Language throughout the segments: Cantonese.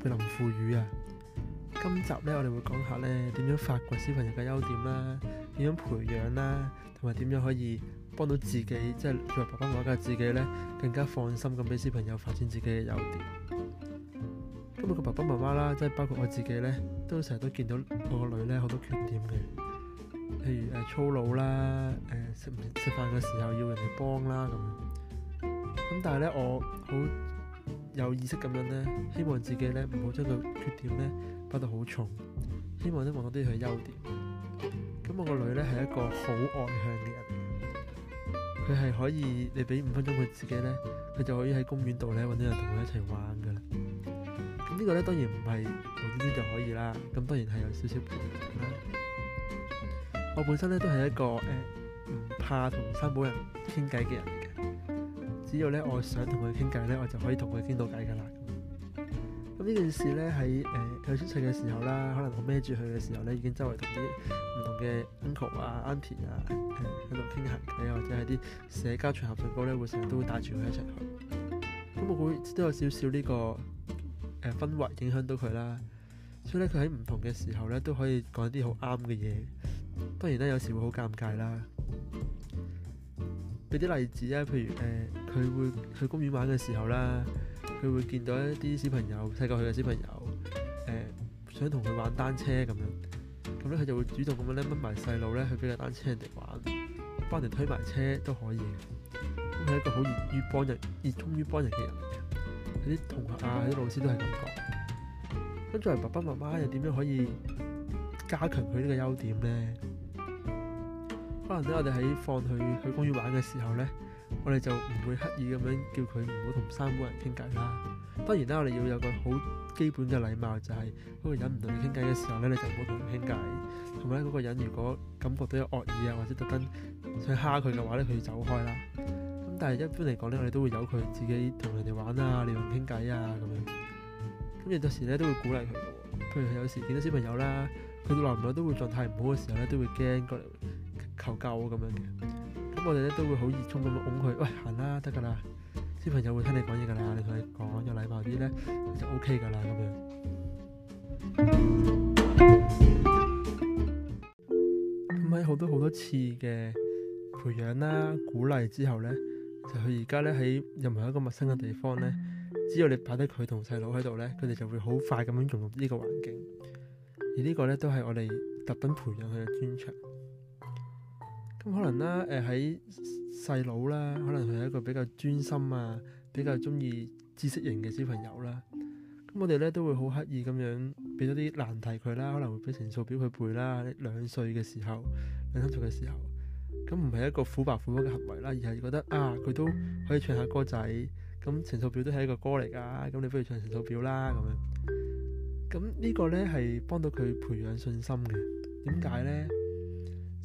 嘅林富宇啊，今集咧我哋會講下咧點樣發掘小朋友嘅優點啦，點樣培養啦，同埋點樣可以幫到自己，即係作為爸爸媽媽嘅自己咧，更加放心咁俾小朋友發展自己嘅優點。咁我個爸爸媽媽啦，即係包括我自己咧，都成日都見到我個女咧好多缺點嘅，譬如誒、呃、粗魯啦，誒食食飯嘅時候要人哋幫啦咁。咁但係咧我好。有意識咁樣呢，希望自己呢唔好將個缺點呢包得好重，希望呢望到啲佢優點。咁我個女呢係一個好外向嘅人，佢係可以你俾五分鐘佢自己呢，佢就可以喺公園度呢揾啲人同佢一齊玩噶啦。咁呢個呢當然唔係無端端就可以啦，咁當然係有少少背景啦。我本身呢都係一個唔、欸、怕同生保人傾偈嘅人。只要咧，我想同佢傾偈咧，我就可以同佢傾到偈嘅啦。咁呢件事咧，喺誒佢出世嘅時候啦，可能我孭住佢嘅時候咧，已經周圍同啲唔同嘅 uncle 啊、auntie 啊喺度傾下偈，或者喺啲社交場合上邊咧，會成日都，都會帶住佢一齊去、這個。咁我會都有少少呢個誒氛圍影響到佢啦，所以咧佢喺唔同嘅時候咧都可以講啲好啱嘅嘢。當然咧，有時會好尷尬啦。俾啲例子啊，譬如誒，佢、呃、會去公園玩嘅時候啦，佢會見到一啲小朋友，細過佢嘅小朋友，誒、呃、想同佢玩單車咁樣，咁咧佢就會主動咁樣咧，掹埋細路咧去俾架單車人哋玩，幫人推埋車都可以。咁係一個好熱於幫人、熱衷於幫人嘅人。佢啲同學啊，佢啲老師都係咁講。咁作為爸爸媽媽又點樣可以加強佢呢個優點咧？可能咧，我哋喺放佢去，去公園玩嘅時候咧，我哋就唔會刻意咁樣叫佢唔好同三個人傾偈啦。當然啦，我哋要有個好基本嘅禮貌，就係、是、嗰個人唔同你傾偈嘅時候咧，你就唔好同佢傾偈。同埋咧，嗰個人如果感覺到有惡意啊，或者特登想蝦佢嘅話咧，佢要走開啦。咁但係一般嚟講咧，我哋都會由佢自己同人哋玩啊、撩人傾偈啊咁樣。咁有時咧都會鼓勵佢嘅，譬如有時見到小朋友啦，佢耐唔耐都會狀態唔好嘅時候咧，都會驚過嚟。求救啊，咁樣嘅，咁我哋咧都會好熱衷咁樣拱佢，喂、哎啊、行啦得噶啦，小朋友會聽你講嘢噶啦，你同佢講有禮貌啲咧就 OK 噶啦咁樣。咁喺好多好多次嘅培養啦、啊、鼓勵之後咧，就佢而家咧喺任何一個陌生嘅地方咧，只要你擺低佢同細佬喺度咧，佢哋就會好快咁樣融入呢個環境。而呢個咧都係我哋特登培養佢嘅專長。咁可能啦，誒喺細佬啦，可能佢係一個比較專心啊，比較鍾意知識型嘅小朋友啦。咁我哋咧都會好刻意咁樣俾咗啲難題佢啦，可能會俾乘數表佢背啦。兩歲嘅時候，兩三歲嘅時候，咁唔係一個苦白苦黑嘅行為啦，而係覺得啊，佢都可以唱下歌仔，咁乘數表都係一個歌嚟㗎，咁你不如唱乘數表啦咁樣。咁呢個咧係幫到佢培養信心嘅。點解咧？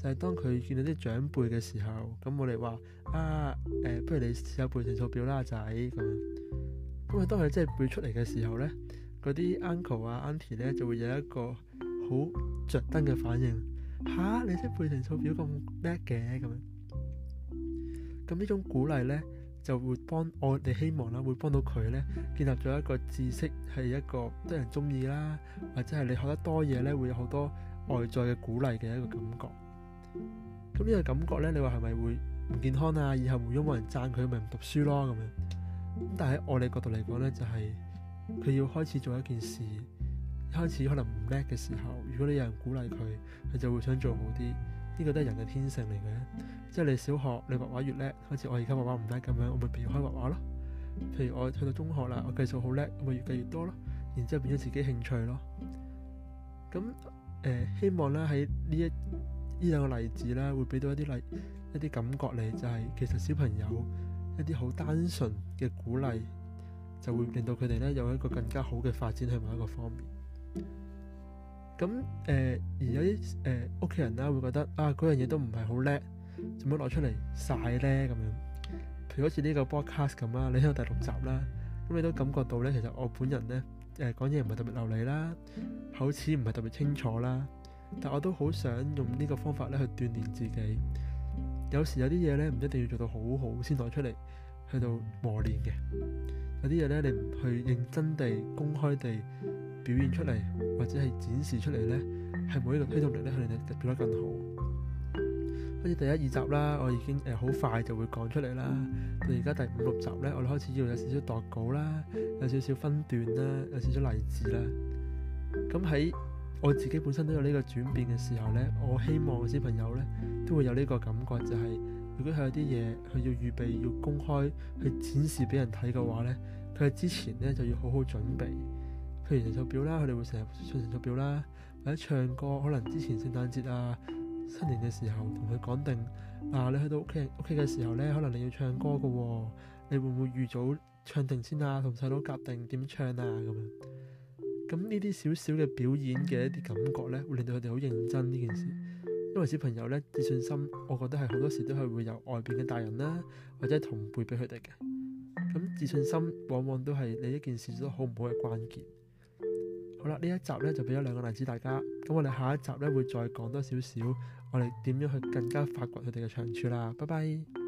但係當佢見到啲長輩嘅時候，咁我哋話啊，誒、呃，不如你試下背乘數表啦，仔咁。咁啊，當佢真係背出嚟嘅時候呢，嗰啲 uncle 啊、auntie 咧就會有一個好着燈嘅反應。吓、啊，你識背乘數表咁叻嘅咁樣。咁呢種鼓勵呢，就會幫我哋希望啦，會幫到佢呢，建立咗一個知識，係一個得人中意啦，或者係你學得多嘢呢，會有好多外在嘅鼓勵嘅一個感覺。咁呢個感覺呢，你話係咪會唔健康啊？以後會因為人讚佢，咪唔讀書咯咁樣？咁但係喺我哋角度嚟講呢，就係、是、佢要開始做一件事，一開始可能唔叻嘅時候，如果你有人鼓勵佢，佢就會想做好啲。呢、這個都係人嘅天性嚟嘅。即係你小學你畫畫越叻，好似我而家畫畫唔叻咁樣，我咪變開畫畫咯。譬如我去到中學啦，我計數好叻，咁咪越計越多咯。然之後變咗自己興趣咯。咁誒、呃，希望咧喺呢一。呢兩個例子咧，會俾到一啲例一啲感覺你就係、是、其實小朋友一啲好單純嘅鼓勵，就會令到佢哋咧有一個更加好嘅發展去某一個方面。咁誒、呃、而有啲誒屋企人咧會覺得啊，嗰樣嘢都唔係好叻，做乜攞出嚟晒呢？咁樣。譬如好似呢個 broadcast 咁啦，你喺度第六集啦，咁你都感覺到咧，其實我本人咧誒講嘢唔係特別流利啦，口齒唔係特別清楚啦。但我都好想用呢個方法咧去鍛煉自己，有時有啲嘢咧唔一定要做到好好先攞出嚟，去到磨練嘅。有啲嘢咧你唔去認真地公開地表現出嚟，或者係展示出嚟呢，係冇呢個推動力咧去令你變得更好。好似第一二集啦，我已經誒好快就會講出嚟啦。到而家第五六集呢，我哋開始要有少少度稿啦，有少少分段啦，有少少例子啦。咁喺我自己本身都有呢個轉變嘅時候呢，我希望小朋友呢都會有呢個感覺，就係，就係如果佢有啲嘢佢要預備、要公開、去展示俾人睇嘅話呢，佢之前呢就要好好準備。譬如演奏表啦，佢哋會成日唱成奏表啦，或者唱歌，可能之前聖誕節啊、新年嘅時候同佢講定，啊，你去到屋企屋企嘅時候呢，可能你要唱歌㗎喎，哦，你會唔會預早唱定先啊？同細佬夾定點唱啊？咁樣。咁呢啲少少嘅表演嘅一啲感覺呢，會令到佢哋好認真呢件事，因為小朋友呢，自信心，我覺得係好多時都係會有外邊嘅大人啦，或者同輩俾佢哋嘅。咁自信心往往都係你一件事都好唔好嘅關鍵。好啦，呢一集呢就俾咗兩個例子大家，咁我哋下一集呢，會再講多少少，我哋點樣去更加發掘佢哋嘅長處啦。拜拜。